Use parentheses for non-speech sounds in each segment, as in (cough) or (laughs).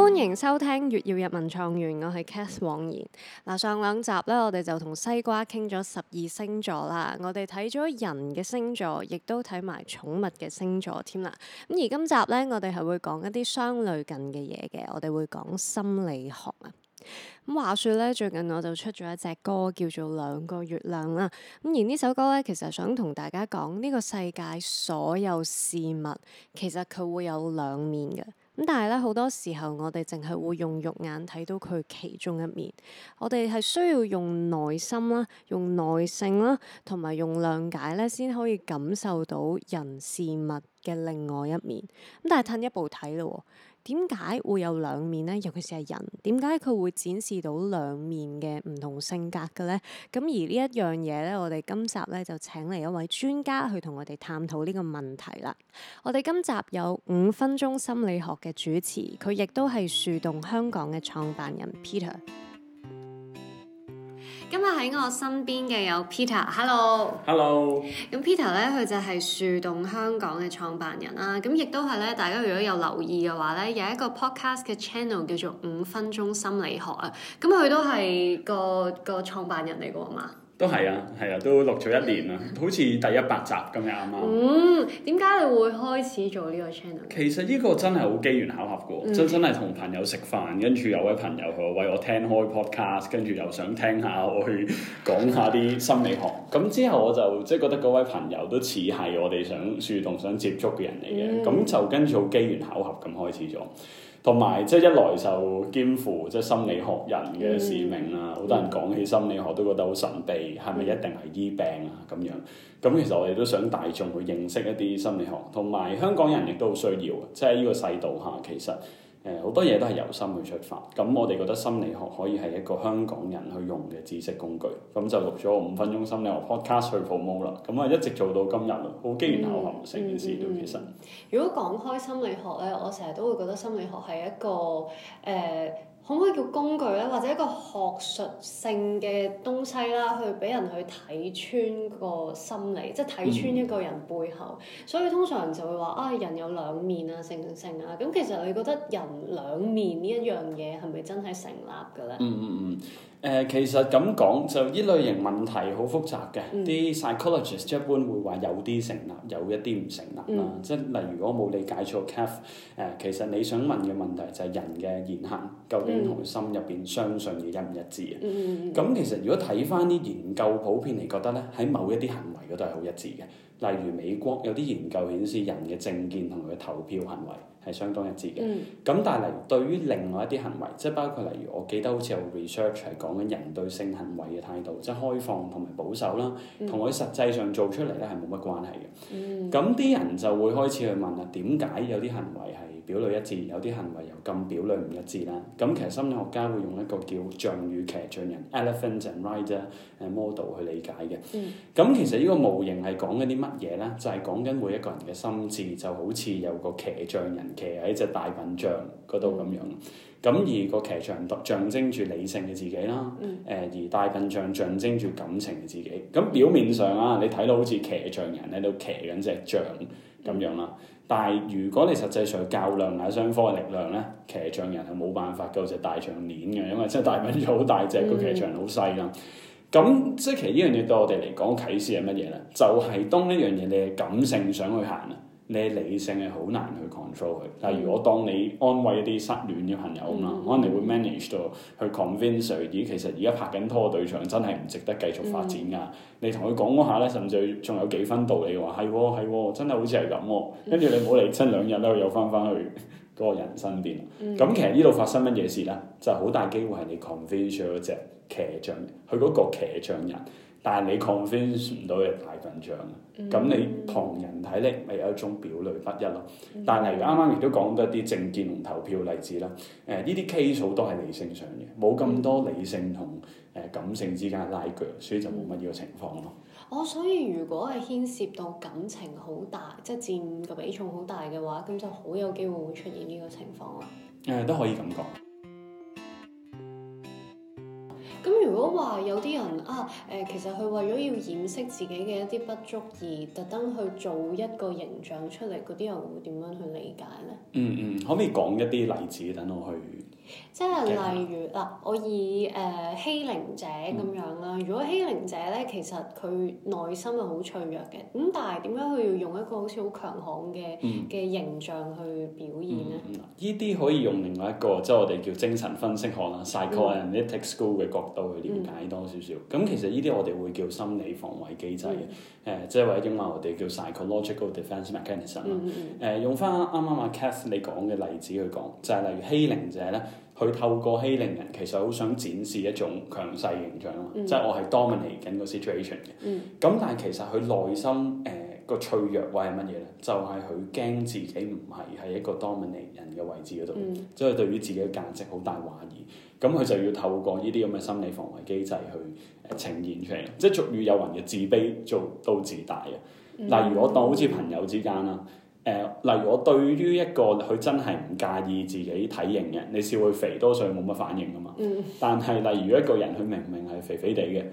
歡迎收聽《月曜日文創園》，我係 Cath 黃妍。嗱，上兩集咧，我哋就同西瓜傾咗十二星座啦。我哋睇咗人嘅星座，亦都睇埋寵物嘅星座添啦。咁而今集咧，我哋係會講一啲相類近嘅嘢嘅。我哋會講心理學啊。咁話說咧，最近我就出咗一隻歌，叫做《兩個月亮》啦。咁而呢首歌咧，其實想同大家講，呢個世界所有事物，其實佢會有兩面嘅。咁但係咧，好多時候我哋淨係會用肉眼睇到佢其中一面，我哋係需要用耐心啦、用耐性啦，同埋用諒解咧，先可以感受到人事物嘅另外一面。咁但係褪一步睇嘞，哦。點解會有兩面呢？尤其是係人，點解佢會展示到兩面嘅唔同性格嘅呢？咁而呢一樣嘢呢，我哋今集呢就請嚟一位專家去同我哋探討呢個問題啦。我哋今集有五分鐘心理學嘅主持，佢亦都係樹洞香港嘅創辦人 Peter。今日喺我身邊嘅有 Peter，Hello Hello. Peter。Hello。咁 Peter 咧，佢就係樹洞香港嘅創辦人啦，啊。咁亦都係咧，大家如果有留意嘅話咧，有一個 podcast 嘅 channel 叫做《五分鐘心理學》啊。咁佢都係個個創辦人嚟噶嘛？都係啊，係啊，都錄咗一年啦， (laughs) 好似第一百集咁樣啊嘛。嗯，點解你會開始做呢個 channel？其實呢個真係好機緣巧合嘅、嗯，真真係同朋友食飯，跟住有位朋友佢話為我聽開 podcast，跟住又想聽下我去講下啲心理學。咁 (laughs) 之後我就即係、就是、覺得嗰位朋友都似係我哋想樹洞、 (laughs) 想接觸嘅人嚟嘅，咁、嗯、就跟住好機緣巧合咁開始咗。同埋即係一來就肩負即係心理學人嘅使命啦，好、嗯、多人講起心理學都覺得好神秘，係咪、嗯、一定係醫病啊咁樣？咁其實我哋都想大眾去認識一啲心理學，同埋香港人亦都好需要，即係呢個世道下其實。誒好多嘢都係由心去出發，咁我哋覺得心理學可以係一個香港人去用嘅知識工具，咁就錄咗五分鐘心理學 podcast 去 promote 啦，咁啊一直做到今日咯，好機緣巧合成件事都其實、嗯嗯嗯。如果講開心理學咧，我成日都會覺得心理學係一個誒。呃可唔可以叫工具咧？或者一個學術性嘅東西啦，去俾人去睇穿個心理，嗯、即係睇穿一個人背後，所以通常就會話啊、哎，人有兩面啊，成唔成啊？咁其實你覺得人兩面呢一樣嘢係咪真係成立嘅咧、嗯？嗯嗯嗯。誒、呃、其實咁講就呢類型問題好複雜嘅。啲、嗯、psychologist 一般會話有啲成立，有一啲唔成立、嗯、啦。即係例如果冇理解錯 c a f 誒，其實你想問嘅問題就係人嘅言行究竟、嗯？同佢心入邊相信嘅一唔一致啊。咁、嗯嗯嗯、其實如果睇翻啲研究，普遍嚟覺得咧喺某一啲行為嗰度係好一致嘅，例如美國有啲研究顯示人嘅政見同佢嘅投票行為，係相當一致嘅，咁、嗯、但係對於另外一啲行為，即係包括例如我記得好似有 research 係講緊人對性行為嘅態度，即係開放同埋保守啦，同佢、嗯、實際上做出嚟咧係冇乜關係嘅。咁啲、嗯、人就會開始去問啦、啊，點解有啲行為係表裏一致，有啲行為又咁表裏唔一致啦？咁其實心理學家會用一個叫象與騎象人 （elephants and rider） model 去理解嘅。咁、嗯、其實呢個模型係講緊啲乜嘢呢？就係講緊每一個人嘅心智就好似有個騎象人。騎喺隻大笨象嗰度咁樣，咁而個騎象象徵住理性嘅自己啦，誒而大笨象象徵住感情嘅自己。咁、嗯、表面上啊，你睇到好似騎象人喺度騎緊隻象咁樣啦，但係如果你實際上較量下雙方嘅力量咧，騎象人係冇辦法夠隻、就是、大象碾嘅，因為即係大笨象好大隻，個、嗯、騎象好細㗎。咁即係其實呢樣嘢對我哋嚟講啟示係乜嘢咧？就係、是、當一樣嘢你係感性想去行啊！你理性係好難去 control 佢，但如果當你安慰一啲失戀嘅朋友啊嘛，mm hmm. 可能你會 manage 到去 convince 佢咦，其實而家拍緊拖嘅對象真係唔值得繼續發展㗎。Mm hmm. 你同佢講下咧，甚至仲有幾分道理話係喎係喎，真係好似係咁喎。跟住、mm hmm. 你冇理親兩日咧，又翻返去嗰個人身邊。咁、mm hmm. 其實呢度發生乜嘢事咧？就係、是、好大機會係你 convince 咗隻騎象，佢嗰個騎象人。但係你 confess 唔到嘅大笨象啊，咁、嗯、你同人睇嚟咪有一種表裏不一咯。嗯、但係，如啱啱亦都講多啲政見同投票例子啦，誒呢啲 case 都係理性上嘅，冇咁多理性同誒感性之間嘅拉鋸，所以就冇乜呢個情況咯、嗯。哦，所以如果係牽涉到感情好大，即係佔個比重好大嘅話，咁就好有機會會出現呢個情況啦。誒、呃、都可以咁講。咁如果話有啲人啊，誒、呃，其實佢為咗要掩飾自己嘅一啲不足而特登去做一個形象出嚟，嗰啲人會點樣去理解呢？嗯嗯，可唔可以講一啲例子等我去？即係例如啦，我以誒、呃、欺凌者咁樣啦。嗯、如果欺凌者咧，其實佢內心係好脆弱嘅。咁但係點解佢要用一個好似好強悍嘅嘅、嗯、形象去表現咧？呢啲、嗯嗯、可以用另外一個即係我哋叫精神分析學啦 Psychoanalytic School 嘅角度去了解多少少。咁、嗯嗯、其實呢啲我哋會叫心理防衞機制嘅。誒、嗯呃，即係或者話我哋叫 psychological defense mechanism 啦。嗯嗯嗯、用翻啱啱阿 Cath 你講嘅例子去講，就係、是、例如欺凌者咧。佢透過欺凌人，其實好想展示一種強勢形象，即係、mm hmm. 我係 dominate 緊個 situation 嘅。咁、mm hmm. 但係其實佢內心誒個脆弱位係乜嘢咧？就係佢驚自己唔係喺一個 dominate 人嘅位置嗰度，即係、mm hmm. 對於自己嘅價值好大懷疑。咁佢、mm hmm. 就要透過呢啲咁嘅心理防衞機制去呈現出嚟，即係俗語有云嘅自卑做到自大嘅。例、mm hmm. 如我當好似朋友之間啦。誒、呃，例如我對於一個佢真係唔介意自己體型嘅，你笑佢肥多數冇乜反應噶嘛。嗯、但係例如一個人佢明明係肥肥哋嘅，誒、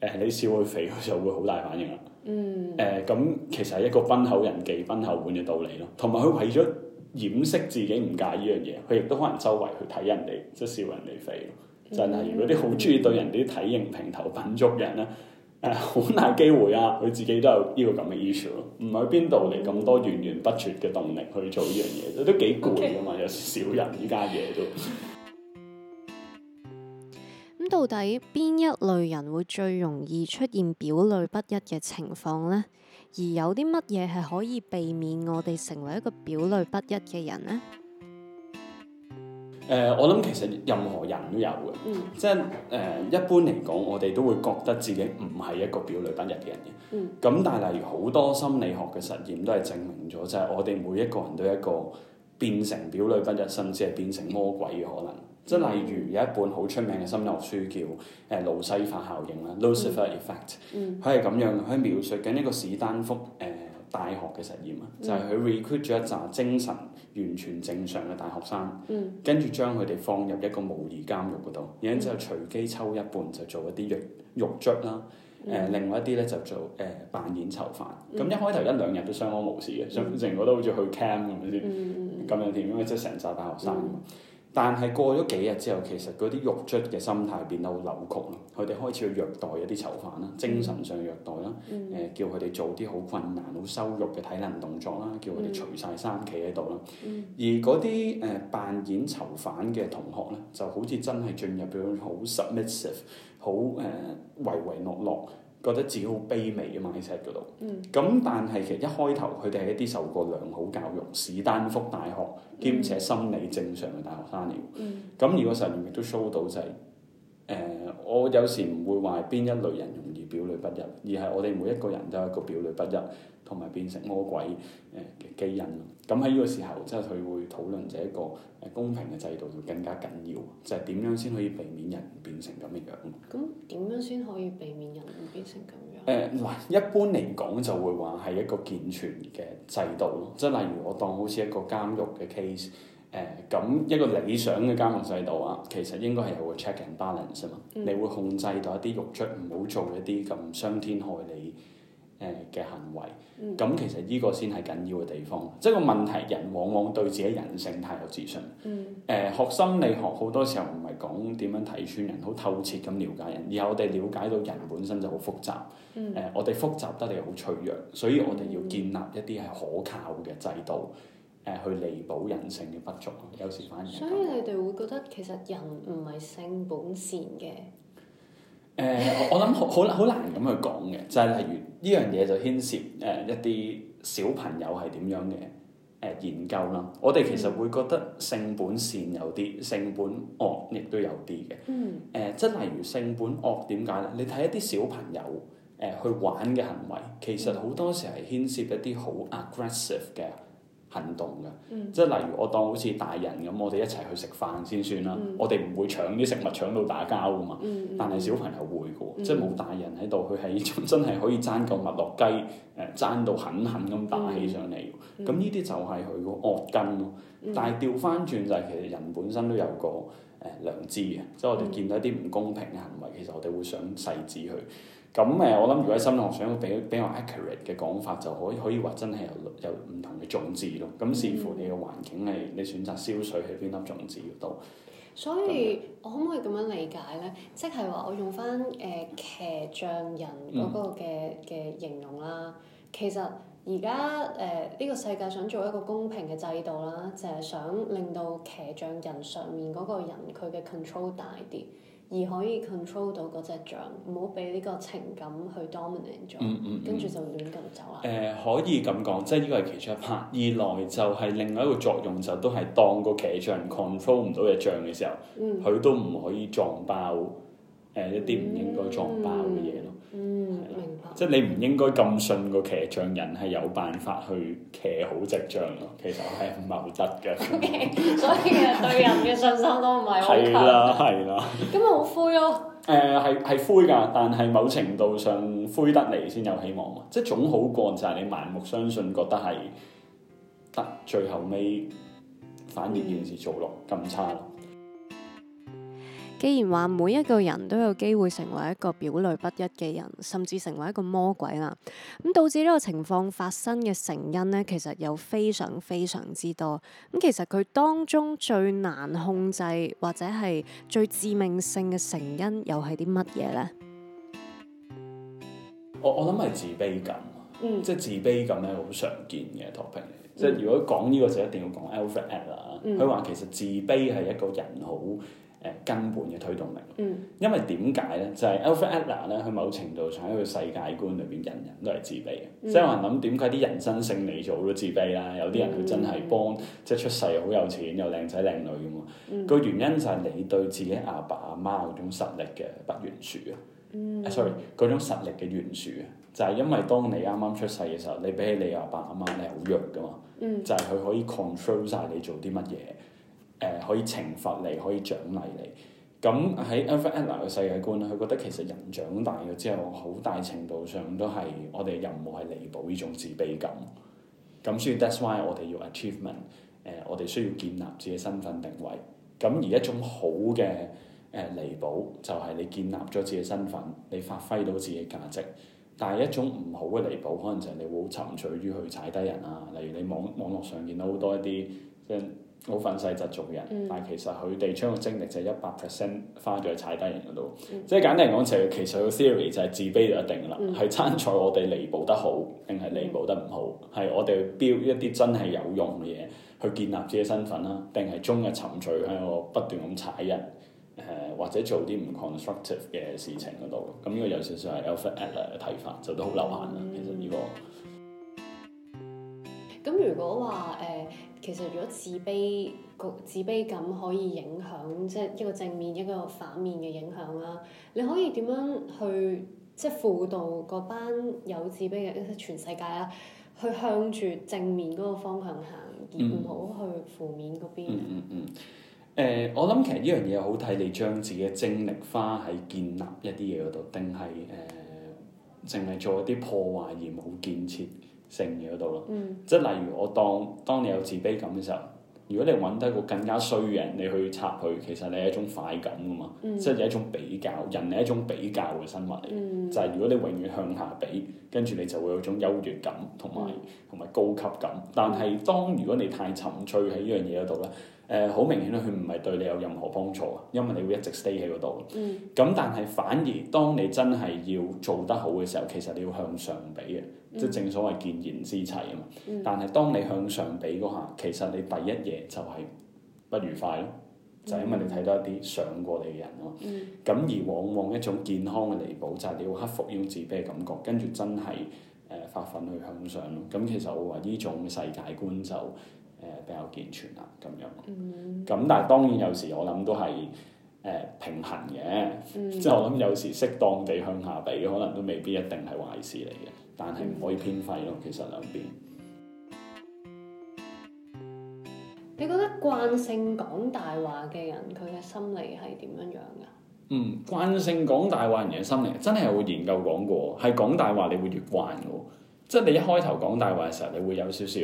呃、你笑佢肥，佢就會好大反應啦。誒、嗯呃，咁其實係一個崩口人忌崩口碗嘅道理咯。同埋佢為咗掩飾自己唔介意呢樣嘢，佢亦都可能周圍去睇人哋，即係笑人哋肥。真係，如果啲好中意對人哋啲體型評頭品足人咧。嗯嗯嗯好大 (music) 機會啊！佢自己都有呢個咁嘅意圖，唔係邊度嚟咁多源源不絕嘅動力去做呢樣嘢，都幾攰㗎嘛！Okay. 有少人依家嘢都。咁 (laughs) 到底邊一類人會最容易出現表裏不一嘅情況呢？而有啲乜嘢係可以避免我哋成為一個表裏不一嘅人呢？誒，我諗其實任何人都有嘅，即係誒一般嚟講，我哋都會覺得自己唔係一個表裡不一嘅人嘅。咁但係例如好多心理學嘅實驗都係證明咗，就係我哋每一個人都有一個變成表裡不一，甚至係變成魔鬼嘅可能。即係例如有一本好出名嘅心理學書叫《誒路西法效應》啦，Lucifer Effect。佢係咁樣，佢描述緊一個史丹福誒大學嘅實驗啊，就係佢 recruit 咗一紮精神，完全正常嘅大學生，跟住將佢哋放入一個模擬監獄嗰度，然之後隨機抽一半就做一啲獄獄卒啦，誒、嗯、另外一啲咧就做誒、呃、扮演囚犯，咁、嗯、一開頭一兩日都相安無事嘅，成、嗯、個都好似去 camp 咁樣先，咁、嗯嗯、樣點，因為即係成紮大學生、嗯。嗯但係過咗幾日之後，其實嗰啲獄卒嘅心態變到扭曲咯，佢哋開始去虐待一啲囚犯啦，精神上虐待啦，誒、嗯呃、叫佢哋做啲好困難、好羞辱嘅體能動作啦，叫佢哋除晒衫企喺度啦。嗯、而嗰啲誒扮演囚犯嘅同學咧，就好似真係進入咗好 submissive，好誒唯唯諾諾。呃圍圍落落覺得自己好卑微啊嘛，喺 set 嗰度、嗯，咁但係其實一開頭佢哋係一啲受過良好教育、史丹福大學兼且心理正常嘅大學生嚟。咁如果實驗亦都 show 到就係、是，誒、呃、我有時唔會話邊一類人容易表裏不一，而係我哋每一個人都有一個表裏不一。同埋變成魔鬼嘅基因咯，咁喺呢個時候，即係佢會討論一個誒公平嘅制度會更加緊要，就係、是、點樣先可以避免人變成咁樣？咁點樣先可以避免人變成咁樣？誒嗱、呃，一般嚟講就會話係一個健全嘅制度咯，即、就、係、是、例如我當好似一個監獄嘅 case，誒、呃、咁一個理想嘅監獄制度啊，其實應該係有個 check and balance 啫嘛、嗯，你會控制到一啲肉出唔好做一啲咁傷天害理，誒嘅行為，咁、嗯、其實呢個先係緊要嘅地方。即係個問題，人往往對自己人性太有自信。誒、嗯呃、學心理學好多時候唔係講點樣睇穿人，好透徹咁了解人，而係我哋了解到人本身就好複雜。嗯呃、我哋複雜得嚟好脆弱，所以我哋要建立一啲係可靠嘅制度，誒、呃、去彌補人性嘅不足。有時反而。所以你哋會覺得其實人唔係性本善嘅？誒、 (laughs) 呃，我諗好好，好難咁去講嘅，就係、是、例如呢樣嘢就牽涉誒、呃、一啲小朋友係點樣嘅誒、呃、研究啦。我哋其實會覺得性本善有啲，性本惡亦都有啲嘅。誒、呃，即係例如性本惡點解咧？你睇一啲小朋友誒、呃、去玩嘅行為，其實好多時係牽涉一啲好 aggressive 嘅。行動㗎，即係、嗯、例如我當好似大人咁，我哋一齊去食飯先算啦。嗯、我哋唔會搶啲食物搶到打交㗎嘛。嗯嗯、但係小朋友會㗎，嗯、即係冇大人喺度，佢係真係可以爭個麥樂雞，誒爭到狠狠咁打起上嚟。咁呢啲就係佢個惡根咯。嗯、但係調翻轉就係其實人本身都有個誒良知嘅，嗯、即係我哋見到一啲唔公平嘅行為，其實我哋會想制止佢。咁誒，嗯嗯、我諗如果喺心理學想比比較 accurate 嘅講法，就可以可以話真係有有唔同嘅種子咯。咁視乎你嘅環境係，你選擇燒水喺邊粒種子度。所以，那我可唔可以咁樣理解咧？即係話我用翻誒、呃、騎象人嗰個嘅嘅形容啦。嗯、其實而家誒呢個世界想做一個公平嘅制度啦，就係、是、想令到騎象人上面嗰個人佢嘅 control 大啲。而可以 control 到嗰隻象，唔好俾呢個情感去 dominant 咗，跟住、嗯嗯嗯、就亂咁走啦。誒、呃，可以咁講，即係呢個係其中一 part。二來就係另外一個作用，就都係當個騎象 control 唔到隻象嘅時候，佢、嗯、都唔可以撞爆誒、呃、一啲唔應該撞爆嘅嘢咯。嗯嗯嗯，的明白。即係你唔應該咁信個騎象人係有辦法去騎好隻象咯，其實係唔係好得嘅。Okay, 嗯、所以其實 (laughs) 對人嘅信心都唔係好強。係啦，係啦。咁咪好灰咯？誒，係係灰㗎，但係某程度上灰得嚟先有希望嘛。即係總好過就係你盲目相信覺得係得，最後尾反而件事做落咁差。嗯既然話每一個人都有機會成為一個表裏不一嘅人，甚至成為一個魔鬼啦，咁導致呢個情況發生嘅成因呢，其實有非常非常之多。咁其實佢當中最難控制或者係最致命性嘅成因，又係啲乜嘢呢？我我諗係自卑感，嗯、即係自卑感係好常見嘅 topic。嗯、即係如果講呢、呢個就一定要講 Alfred Adler 佢話其實自卑係一個人好根本嘅推動力，嗯、因為點解咧？就係 Alfred Adler 咧，佢某程度上喺佢世界觀裏邊，人人都係自卑嘅。嗯、即係我係諗點解啲人人生勝利組好多自卑啦、啊？有啲人佢真係幫、嗯，即係出世好有錢又靚仔靚女咁嘛。個、嗯、原因就係你對自己阿爸阿媽嗰種實力嘅不完全嘅，sorry，嗰種實力嘅懸殊啊，就係、是、因為當你啱啱出世嘅時候，你比起你阿爸阿媽，你好弱嘅嘛，嗯、就係佢可以 control 晒你做啲乜嘢。誒、呃、可以懲罰你，可以獎勵你。咁喺、Adler 嘅世界觀佢覺得其實人長大咗之後，好大程度上都係我哋任務係彌補呢種自卑感。咁所以 That's why 我哋要 achievement、呃。誒，我哋需要建立自己身份定位。咁而一種好嘅誒、呃、彌補，就係、是、你建立咗自己身份，你發揮到自己價值。但係一種唔好嘅彌補，可能就係你會好沉醉於去踩低人啊。例如你網網絡上見到好多一啲即、就是好憤世嫉俗嘅人，嗯、但係其實佢哋將個精力就係一百 percent 花咗去踩低人嗰度，即係、嗯、簡單嚟講，就其實個 theory 就係自卑就一定啦。係、嗯、參賽，我哋彌補得好定係彌補得唔好，係、嗯、我哋去標一啲真係有用嘅嘢去建立自己身份啦，定係終日沉醉喺我不斷咁踩人，誒、呃、或者做啲唔 constructive 嘅事情嗰度。咁呢個有少少係 Alfred Adler 嘅睇法，就都好流行啦。嗯、其實呢個、嗯，咁如果話誒。呃其實，如果自卑個自卑感可以影響，即係一個正面一個反面嘅影響啦。你可以點樣去即係輔導嗰班有自卑嘅全世界啦，去向住正面嗰個方向行，而唔好去負面嗰邊？嗯嗯嗯。嗯嗯嗯呃，我諗其實呢樣嘢好睇，你將自己嘅精力花喺建立一啲嘢嗰度，定係誒淨係做一啲破壞而冇建設。性嘢嗰度咯，嗯、即係例如我當當你有自卑感嘅時候，如果你揾到個更加衰嘅人，你去插佢，其實你係一種快感㗎嘛，嗯、即係有一種比較。人係一種比較嘅生物嚟，嗯、就係如果你永遠向下比，跟住你就會有種優越感同埋同埋高級感。但係當如果你太沉醉喺呢樣嘢嗰度咧，誒、呃、好明顯咧，佢唔係對你有任何幫助啊，因為你會一直 stay 喺嗰度。咁、嗯嗯、但係反而當你真係要做得好嘅時候，其實你要向上比嘅。即正所謂見賢思齊啊嘛，嗯、但係當你向上比嗰下，其實你第一嘢就係不愉快咯，嗯、就係因為你睇到一啲上過你嘅人啊嘛。咁、嗯、而往往一種健康嘅彌補就係、是、你要克服一種自卑嘅感覺，跟住真係誒發奮去向上。咁其實我話呢種世界觀就誒比較健全啦，咁樣。咁、嗯、但係當然有時我諗都係誒平衡嘅，即係、嗯、我諗有時適當地向下比，可能都未必一定係壞事嚟嘅。但係唔可以偏廢咯，其實兩邊。你覺得慣性講大話嘅人，佢嘅心理係點樣樣㗎？嗯，慣性講大話的人嘅心理，真係會研究講過，係講大話你會越慣嘅。即係你一開頭講大話嘅時候，你會有少少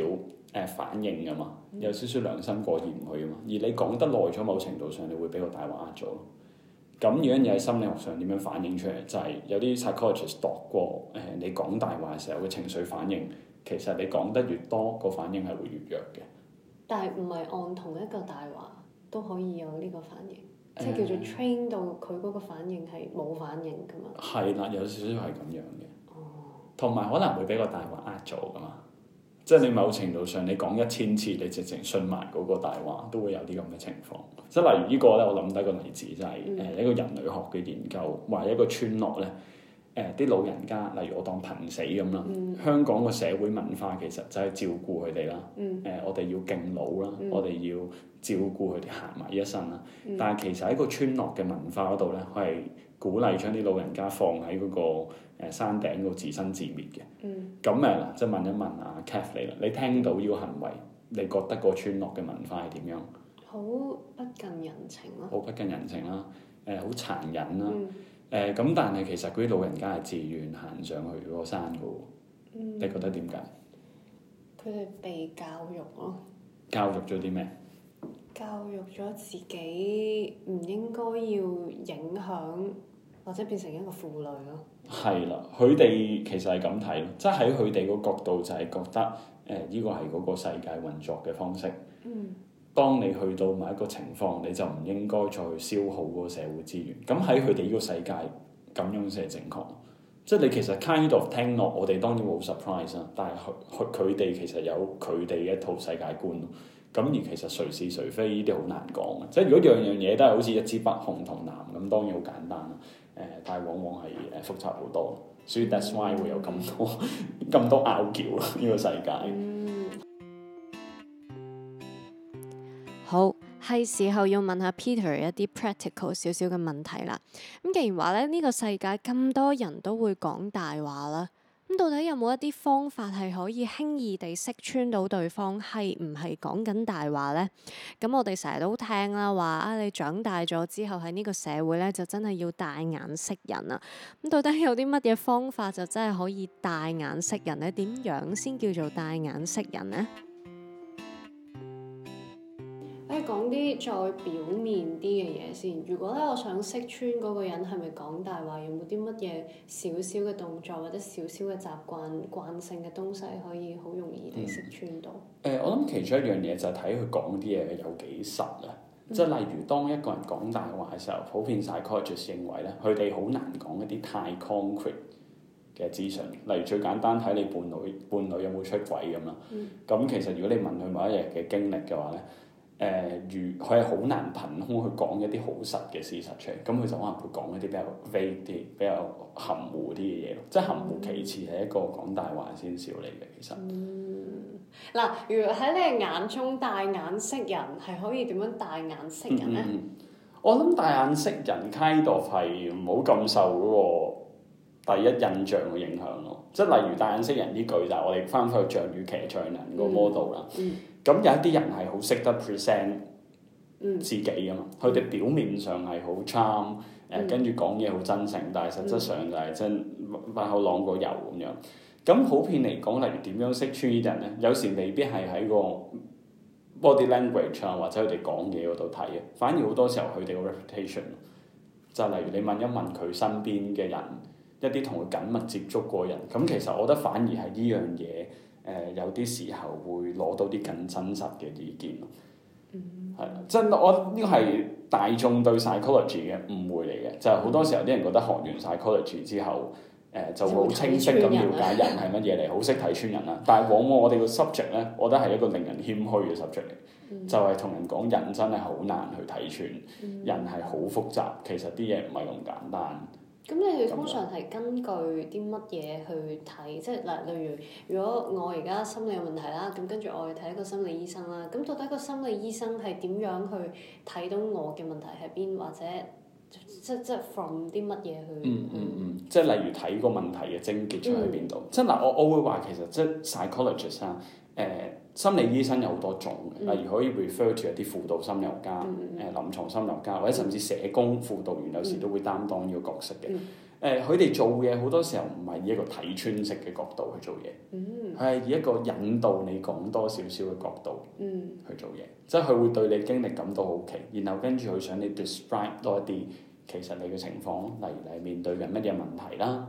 誒反應㗎嘛，有少少良心過意唔去㗎嘛。而你講得耐咗，某程度上你會俾個大話壓咗。咁樣嘢喺心理學上點樣反映出嚟？就係、是、有啲 psychologist 度過誒、呃，你講大話嘅時候嘅情緒反應，其實你講得越多，個反應係會越弱嘅。但係唔係按同一個大話都可以有呢個反應，嗯、即係叫做 train 到佢嗰個反應係冇反應㗎嘛？係啦，有少少係咁樣嘅。同埋可能會俾個大話呃咗噶嘛。即係你某程度上，你講一千次，你直情信埋嗰個大話，都會有啲咁嘅情況。即係例如呢、這個咧，我諗第一個例子就係、是、誒、嗯呃、一個人類學嘅研究，或者一個村落咧，誒、呃、啲老人家，例如我當瀕死咁啦。嗯、香港個社會文化其實就係照顧佢哋啦。誒、嗯呃，我哋要敬老啦，嗯、我哋要照顧佢哋行埋一生啦。嗯、但係其實喺個村落嘅文化嗰度咧，佢係鼓勵將啲老人家放喺嗰、那個。誒山頂嗰度自生自滅嘅，咁誒、嗯，即係問一問阿 Cath 啦，你聽到呢個行為，你覺得個村落嘅文化係點樣？好不近人情咯、啊。好不近人情啦、啊，誒好殘忍啦、啊，誒咁、嗯、但係其實嗰啲老人家係自願行上去嗰個山嘅、嗯、你覺得點解？佢哋被教育咯、啊。教育咗啲咩？教育咗自己唔應該要影響。或者變成一個負累咯。係啦，佢哋其實係咁睇咯，即係喺佢哋個角度就係覺得，誒呢個係嗰個世界運作嘅方式。嗯。當你去到某一個情況，你就唔應該再去消耗嗰個社會資源。咁喺佢哋呢個世界咁樣先係正確。即係你其實 kind of 聽落，我哋當然冇 surprise 啊。但係佢佢哋其實有佢哋嘅一套世界觀。咁而其實誰是誰非呢啲好難講嘅。即係如果樣樣嘢都係好似一支筆紅同藍咁，當然好簡單啦。呃、但係往往係誒、呃、複雜好多，所以 that's why 會有咁多咁 (laughs) 多拗撬啦，呢、這個世界。 (music) 好，係時候要問下 Peter 一啲 practical 少少嘅問題啦。咁既然話咧，呢、這個世界咁多人都會講大話啦。咁到底有冇一啲方法係可以輕易地識穿到對方係唔係講緊大話呢？咁我哋成日都聽啦，話啊你長大咗之後喺呢個社會呢，就真係要帶眼識人啊！咁到底有啲乜嘢方法就真係可以帶眼識人呢？點樣先叫做帶眼識人呢？講啲再表面啲嘅嘢先。如果咧，我想識穿嗰個人，係咪講大話？有冇啲乜嘢少少嘅動作或者少少嘅習慣慣性嘅東西，可以好容易地識穿到？誒、嗯欸，我諗其中一樣嘢就係睇佢講啲嘢有幾實啊。即係、嗯、例如，當一個人講大話嘅時候，普遍晒 research 認為咧，佢哋好難講一啲太 concrete 嘅資訊。例如最簡單，睇你伴侶伴侶有冇出軌咁啦。咁、嗯、其實如果你問佢某一日嘅經歷嘅話咧，誒如佢係好難憑空去講一啲好實嘅事實出嚟，咁佢就可能會講一啲比較 fake 啲、比較含糊啲嘅嘢咯。嗯、即係含糊其詞係一個講大話先少嚟嘅。其實嗱、嗯，如果喺你眼中帶眼識人係可以點樣帶眼識人咧、嗯？我諗帶眼識人，Claude 係唔好咁受嗰個第一印象嘅影響咯。即係例如帶眼識人呢句就係我哋翻去象與騎象人個 model 啦。嗯嗯咁有一啲人係好識得 present 自己噶嘛，佢哋、嗯、表面上係好 charm，跟住講嘢好真誠，但係實質上就係、係、真，反反、嗯就係、口浪過油咁樣。咁普遍嚟講，例如點樣識穿人呢？有時未必係喺個 body language 啊，或者佢哋講嘢嗰度睇嘅，反而好多時候佢哋嘅 reputation 就例如你問一問佢身邊嘅人，一啲同佢緊密接觸過人，咁其實我覺得反而係呢樣嘢。誒、呃、有啲時候會攞到啲更真實嘅意見，係、嗯、真我呢個係大眾對 psychology 嘅誤會嚟嘅，就係、是、好多時候啲人覺得學完 psychology 之後，誒、呃、就會好清晰咁了解人係乜嘢嚟，好識睇穿人啦。但係往往我哋個 subject 咧，我覺得係一個令人謙虛嘅 subject 嚟，就係同人講人真係好難去睇穿，人係好複雜，其實啲嘢唔係咁簡單。咁你哋通常係根據啲乜嘢去睇？即係嗱，例如如果我而家心理有問題啦，咁跟住我要睇一個心理醫生啦。咁到底一個心理醫生係點樣去睇到我嘅問題喺邊，或者即即 from 啲乜嘢去嗯？嗯嗯嗯，即係例如睇個問題嘅症結出在喺邊度？即係嗱、呃，我我會話其實即係 psychologist 啊，誒。心理醫生有好多種，嗯、例如可以 refer to 一啲輔導心理學家，誒臨床心理學家，嗯、或者甚至社工輔導員，嗯、有時都會擔當呢個角色嘅。誒、嗯，佢哋做嘢好多時候唔係以一個睇穿式嘅角度去做嘢，佢係、嗯、以一個引導你講多少少嘅角度去做嘢，嗯、即係佢會對你經歷感到好奇，然後跟住佢想你 describe 多一啲，其實你嘅情況，例如你係面對緊乜嘢問題啦，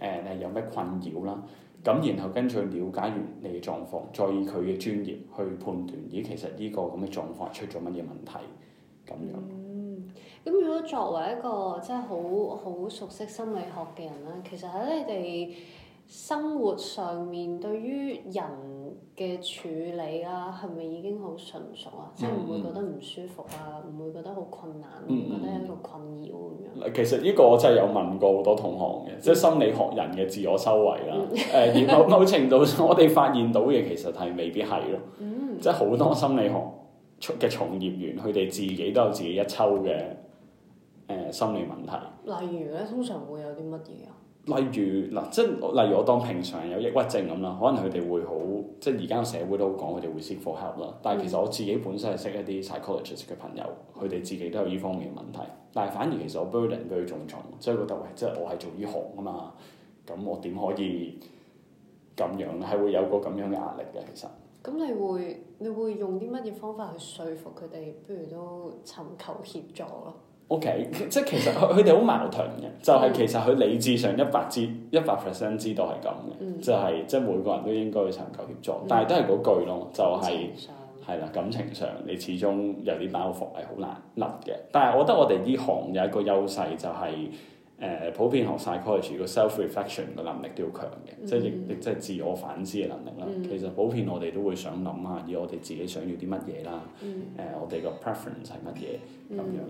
誒你係有咩困擾啦。咁然後跟住去了解完你嘅狀況，再以佢嘅專業去判斷，咦其實呢個咁嘅狀況出咗乜嘢問題？咁樣。嗯，咁如果作為一個即係好好熟悉心理學嘅人咧，其實喺你哋生活上面對於人嘅處理啊，係咪已經好純熟啊？嗯、即係唔會覺得唔舒服啊，唔、嗯、會覺得好困難，唔會、嗯、一咩困擾咁樣。其實呢個我真係有問過好多同行嘅，即係心理學人嘅自我修為啦。誒、嗯，某、呃、某程度上，我哋發現到嘅其實係未必係咯。嗯、即係好多心理學出嘅從業員，佢哋自己都有自己一抽嘅誒、呃、心理問題。例如咧，通常會有啲乜嘢啊？例如嗱，即係例如我當平常有抑鬱症咁啦，可能佢哋會好，即係而家個社會都講佢哋會先配合啦。但係其實我自己本身係識一啲 psychologist 嘅朋友，佢哋自己都有呢方面嘅問題。但係反而其實我 burden 佢仲重，重，就是、即係覺得即係我係做呢行啊嘛，咁我點可以咁樣係會有個咁樣嘅壓力嘅？其實咁你會你會用啲乜嘢方法去說服佢哋，不如都尋求協助咯。O.K. 即係其實佢哋好矛盾嘅，就係、是、其實佢理智上一百之一百 percent 知道係咁嘅，嗯、就係、是、即係每個人都應該去尋求協助，嗯、但係都係嗰句咯，就係係啦。感情上你始終有啲包袱係好難甩嘅。但係我覺得我哋呢行有一個優勢就係、是、誒、呃、普遍學曬 c 個 self reflection 嘅能力都要強嘅，嗯、即係亦亦即係自我反思嘅能力啦。嗯、其實普遍我哋都會想諗下，要我哋自己想要啲乜嘢啦，誒、嗯呃、我哋個 preference 係乜嘢咁樣。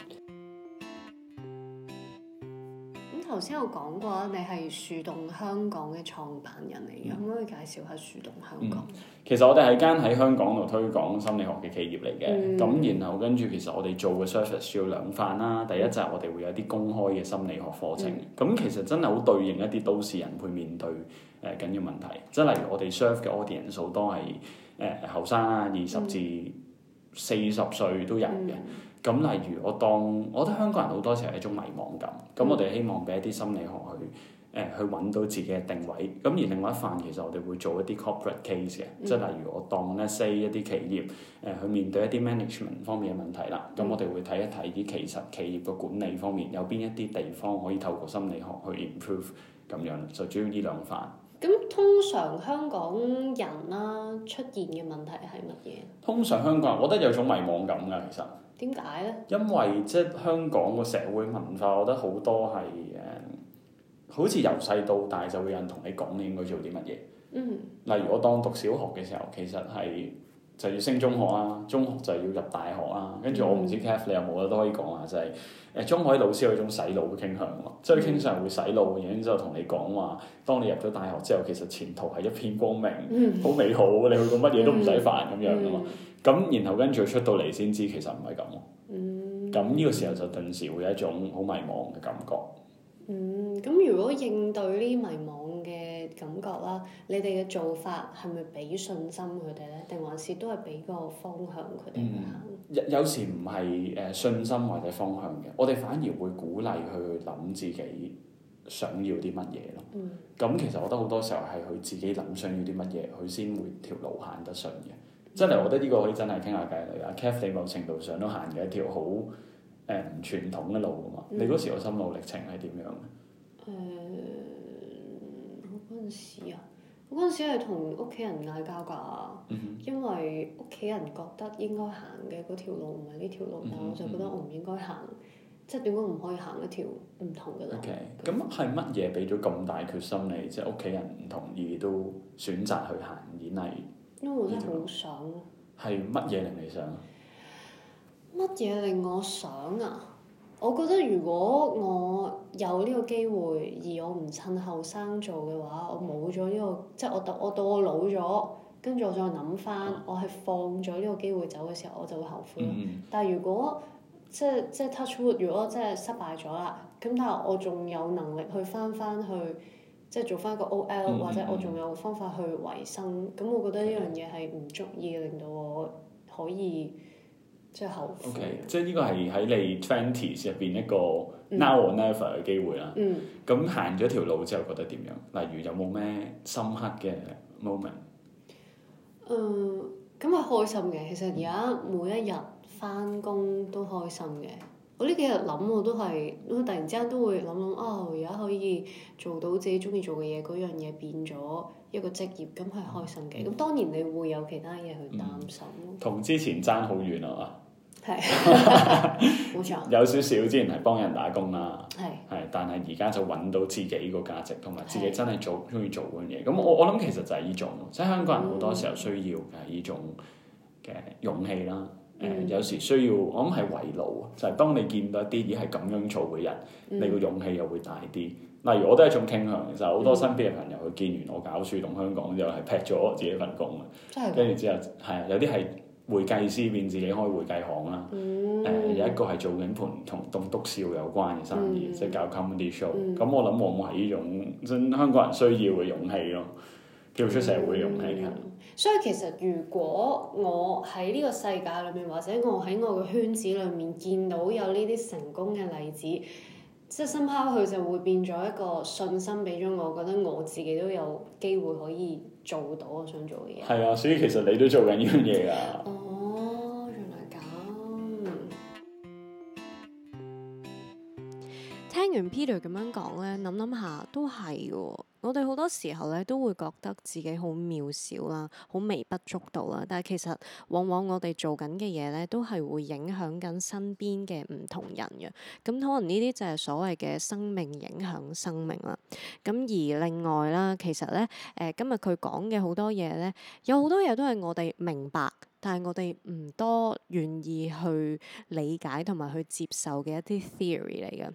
嗯頭先有講過啦，你係樹洞香港嘅創辦人嚟嘅，可唔、嗯、可以介紹下樹洞香港、嗯？其實我哋係間喺香港度推廣心理學嘅企業嚟嘅，咁、嗯、然後跟住其實我哋做嘅 service 主要有兩範啦，第一就係我哋會有啲公開嘅心理學課程，咁、嗯嗯、其實真係好對應一啲都市人會面對誒緊、呃、要問題，即係例如我哋 serve 嘅 audience 好多係誒後生啊，二、呃、十至四十歲都有嘅。嗯嗯咁例如我當，我覺得香港人好多時候係一種迷茫感。咁、嗯、我哋希望俾一啲心理學去，誒、呃、去揾到自己嘅定位。咁而另外一範其實我哋會做一啲 corporate case 嘅，即係、嗯、例如我當咧 say 一啲企業，誒、呃、去面對一啲 management 方面嘅問題啦。咁、嗯、我哋會睇一睇啲其實企業嘅管理方面有邊一啲地方可以透過心理學去 improve 咁樣。就主要呢兩範。咁通常香港人啦、啊、出現嘅問題係乜嘢？通常香港人，我覺得有種迷茫感㗎，其實。點解咧？為因為即係香港個社會文化，我覺得好多係誒、嗯，好似由細到大就會有人同你講你應該做啲乜嘢。嗯、例如我當讀小學嘅時候，其實係就要升中學啦、啊，中學就要入大學啦、啊。跟住我唔知 Cath 你有冇啦，都可以講下就係、是、誒中學啲老師有一種洗腦嘅傾向咯，即係經常會洗腦嘅嘢，然之後同你講話，當你入咗大學之後，其實前途係一片光明，好、嗯、美好，你去到乜嘢都唔使煩咁、嗯、樣啊嘛。咁，然後跟住出到嚟先知，其實唔係咁咯。嗯。咁呢個時候就頓時會有一種好迷茫嘅感覺。嗯，咁如果應對呢迷茫嘅感覺啦，你哋嘅做法係咪俾信心佢哋咧？定還是都係俾個方向佢哋行？有有時唔係誒信心或者方向嘅，我哋反而會鼓勵佢去諗自己想要啲乜嘢咯。嗯。咁其實我覺得好多時候係佢自己諗想，想要啲乜嘢，佢先會條路行得順嘅。真係，我覺得呢個可以真係傾下偈。嚟、嗯。阿 Cat 你某程度上都行嘅一條好誒唔傳統嘅路噶嘛。你嗰時個心路歷程係點樣嘅？誒，我嗰陣時啊，我嗰陣時係同屋企人嗌交㗎，嗯、因為屋企人覺得應該行嘅嗰條路唔係呢條路，嗯、我就覺得我唔應該行，即係點解唔可以行一條唔同嘅路。咁係乜嘢俾咗咁大決心你？即係屋企人唔同意都選擇去行演藝。因為我真係好想。係乜嘢令你想？乜嘢令我想啊？我覺得如果我有呢個機會，而我唔趁後生做嘅話，我冇咗呢個，即係我到我到我老咗，跟住我再諗翻，我係放咗呢個機會走嘅時候，我就會後悔咯。嗯嗯，但係如果即係即係 touch wood，如果即係失敗咗啦，咁但係我仲有能力去翻翻去。即係做翻一個 OL，或者我仲有方法去維生，咁、嗯嗯、我覺得呢樣嘢係唔足以令到我可以即係後悔。OK，即係呢個係喺你 twenties 入邊一個 now or never 嘅機會啦。咁行咗條路之後覺得點樣？例如有冇咩深刻嘅 moment？嗯、呃，咁係開心嘅。其實而家每一日翻工都開心嘅。我呢幾日諗，我都係，咁突然之間都會諗諗，啊，而家可以做到自己中意做嘅嘢，嗰樣嘢變咗一個職業，咁係開心嘅。咁當然你會有其他嘢去擔心咯。同、嗯、之前爭好遠啊嘛，係冇錯。 (noise) (noise) 有少少之前係幫人打工啦，係係、嗯，是但係而家就揾到自己個價值，同埋自己真係做中意做嗰樣嘢。咁是我我諗其實就係呢種，即、就、係、是、香港人好多時候需要嘅呢種嘅勇氣啦。 (noise) (noise) 誒、嗯嗯、有時需要，我諗係圍爐啊，就係、是、當你見到一啲已係咁樣做嘅人，嗯、你個勇氣又會大啲。例如我都係一種傾向，其實好多身邊嘅朋友佢見完我搞樹洞香港又係劈咗自己份工啊，跟住之後係啊，有啲係會計師變自己開會計行啦。誒、嗯呃、有一個係做影盤同同篤，棟篤笑有關嘅生意，即係、嗯、搞 comedy show、嗯。咁、嗯、我諗往往係呢種香港人需要嘅勇氣咯。做出社會用嘅、嗯，所以其實如果我喺呢個世界裏面，或者我喺我嘅圈子裏面見到有呢啲成功嘅例子，即係深刻，佢就會變咗一個信心俾咗我，覺得我自己都有機會可以做到我想做嘅嘢。係啊，所以其實你都做緊呢樣嘢㗎。哦，原來咁。聽完 Peter 咁樣講咧，諗諗下都係嘅、哦。我哋好多時候咧都會覺得自己好渺小啦，好微不足道啦。但係其實往往我哋做緊嘅嘢咧，都係會影響緊身邊嘅唔同人嘅。咁可能呢啲就係所謂嘅生命影響生命啦。咁而另外啦，其實咧，誒、呃、今日佢講嘅好多嘢咧，有好多嘢都係我哋明白，但係我哋唔多願意去理解同埋去接受嘅一啲 theory 嚟嘅。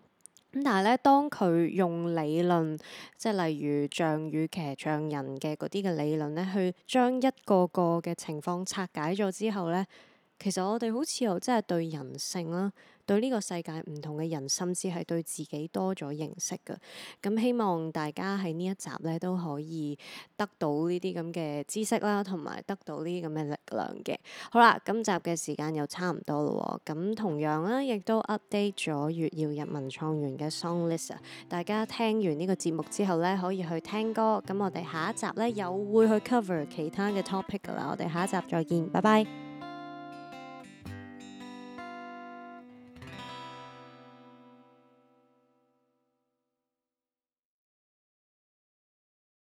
咁但係咧，當佢用理論，即係例如象與騎象人嘅嗰啲嘅理論咧，去將一個一個嘅情況拆解咗之後咧，其實我哋好似又真係對人性啦。對呢個世界唔同嘅人，甚至係對自己多咗認識嘅。咁希望大家喺呢一集呢都可以得到呢啲咁嘅知識啦，同埋得到呢啲咁嘅力量嘅。好啦，今集嘅時間又差唔多咯喎。咁同樣啦，亦都 update 咗月曜日文創園嘅 song list 啊。大家聽完呢個節目之後呢，可以去聽歌。咁我哋下一集呢，又會去 cover 其他嘅 topic 噶啦。我哋下一集再見，拜拜。